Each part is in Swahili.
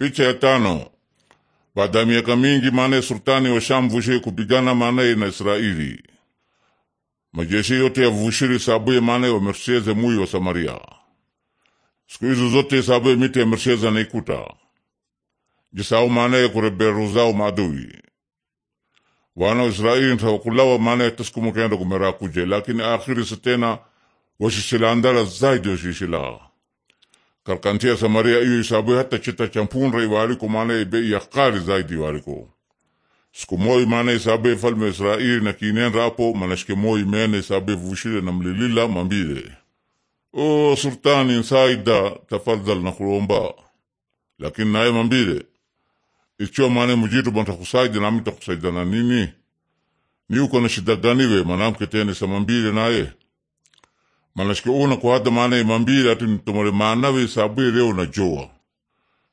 Picha ya tano. Baada ya miaka mingi maana sultani wa Sham vushie kupigana maanaye na Israeli. Majeshi yote yavushiri sabuye maanaye wamersheze muyi wa Samaria. Siku hizo zote sabuye miti yamersheza na ikuta. Jisau maana kureberuzao maadui. Wana wa Israeli nitawakulawa maana kumera kuje lakini akhiri sitena washishila andala zaidi washishilaa kalkantia Samaria iyo isabu hata chita champun champunra iwaliko mana ibe kari zaidi iwaliko siku moi maana isabe falme Israeli na kinenra apo manashike moi mene isabu e vushile na mlilila mambile o sultani nsaida tafadhal nakulomba lakini naye mambile icho maana mujitu banta kusaida nami takusaida na nini ni na shida gani we manamke tene samambile naye manashike una kwada mana imambira ati nitomole manawe isabuye leo najoa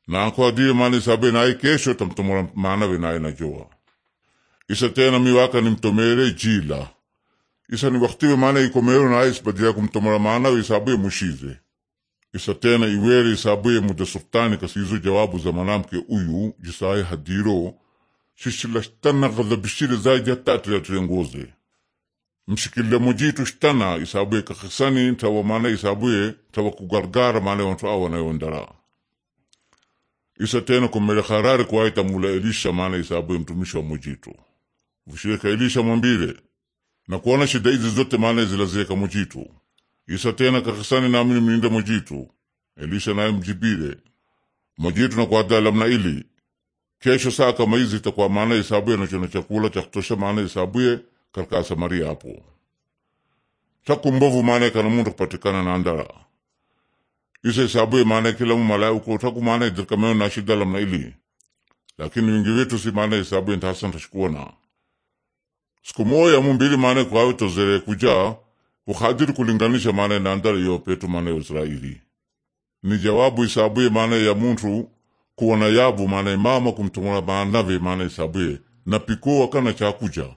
nakwadile mana isabuye naye kesho tamtomola manawe naye joa isa tena miwaka nimtomele jila isa ni waktiwe mana ikomelo naye isibadila kumtomola manawe isabuye mushize isa tena iwere isabuye muda sultani kasizo jawabu za manamke uyu jisaye hadiro shishilashtana ghadhabishire zaidi hata atulatule ngoze mshikile mujitu shtana isabuye kakisani tawa mana isabuye tawa kugargara mana wantu awana yondara isa tena kumele harari kwaita mula elisha mana isabuye mtumishi wa mujitu vishireka elisha mwambile na kuona shida hizi zote mana zilazeka mujitu isa tena kakisani amini mninde mujitu elisha naye mjibile mujitu na kwa mojitu mna ili kesho saa kama hizi itakuwa maana isabuye nachona chakula chakutosha mana maana isabuye katika samaria hapo chaku mbovu maana kana muntu kupatikana na andala ise sabu maana kila mu malaya uko taku maana na shida la mna ili lakini wingi wetu si maana isabuye ntahasa ntashikuona siku moja mu mbili maana kwawe zere kuja kuhadiri kulinganisha maana na andala yo petu maana ya Israeli ni jawabu sabu maana ya mtu kuona yabu maana mama kumtumura maana ve maana sabu na piko wakana chakuja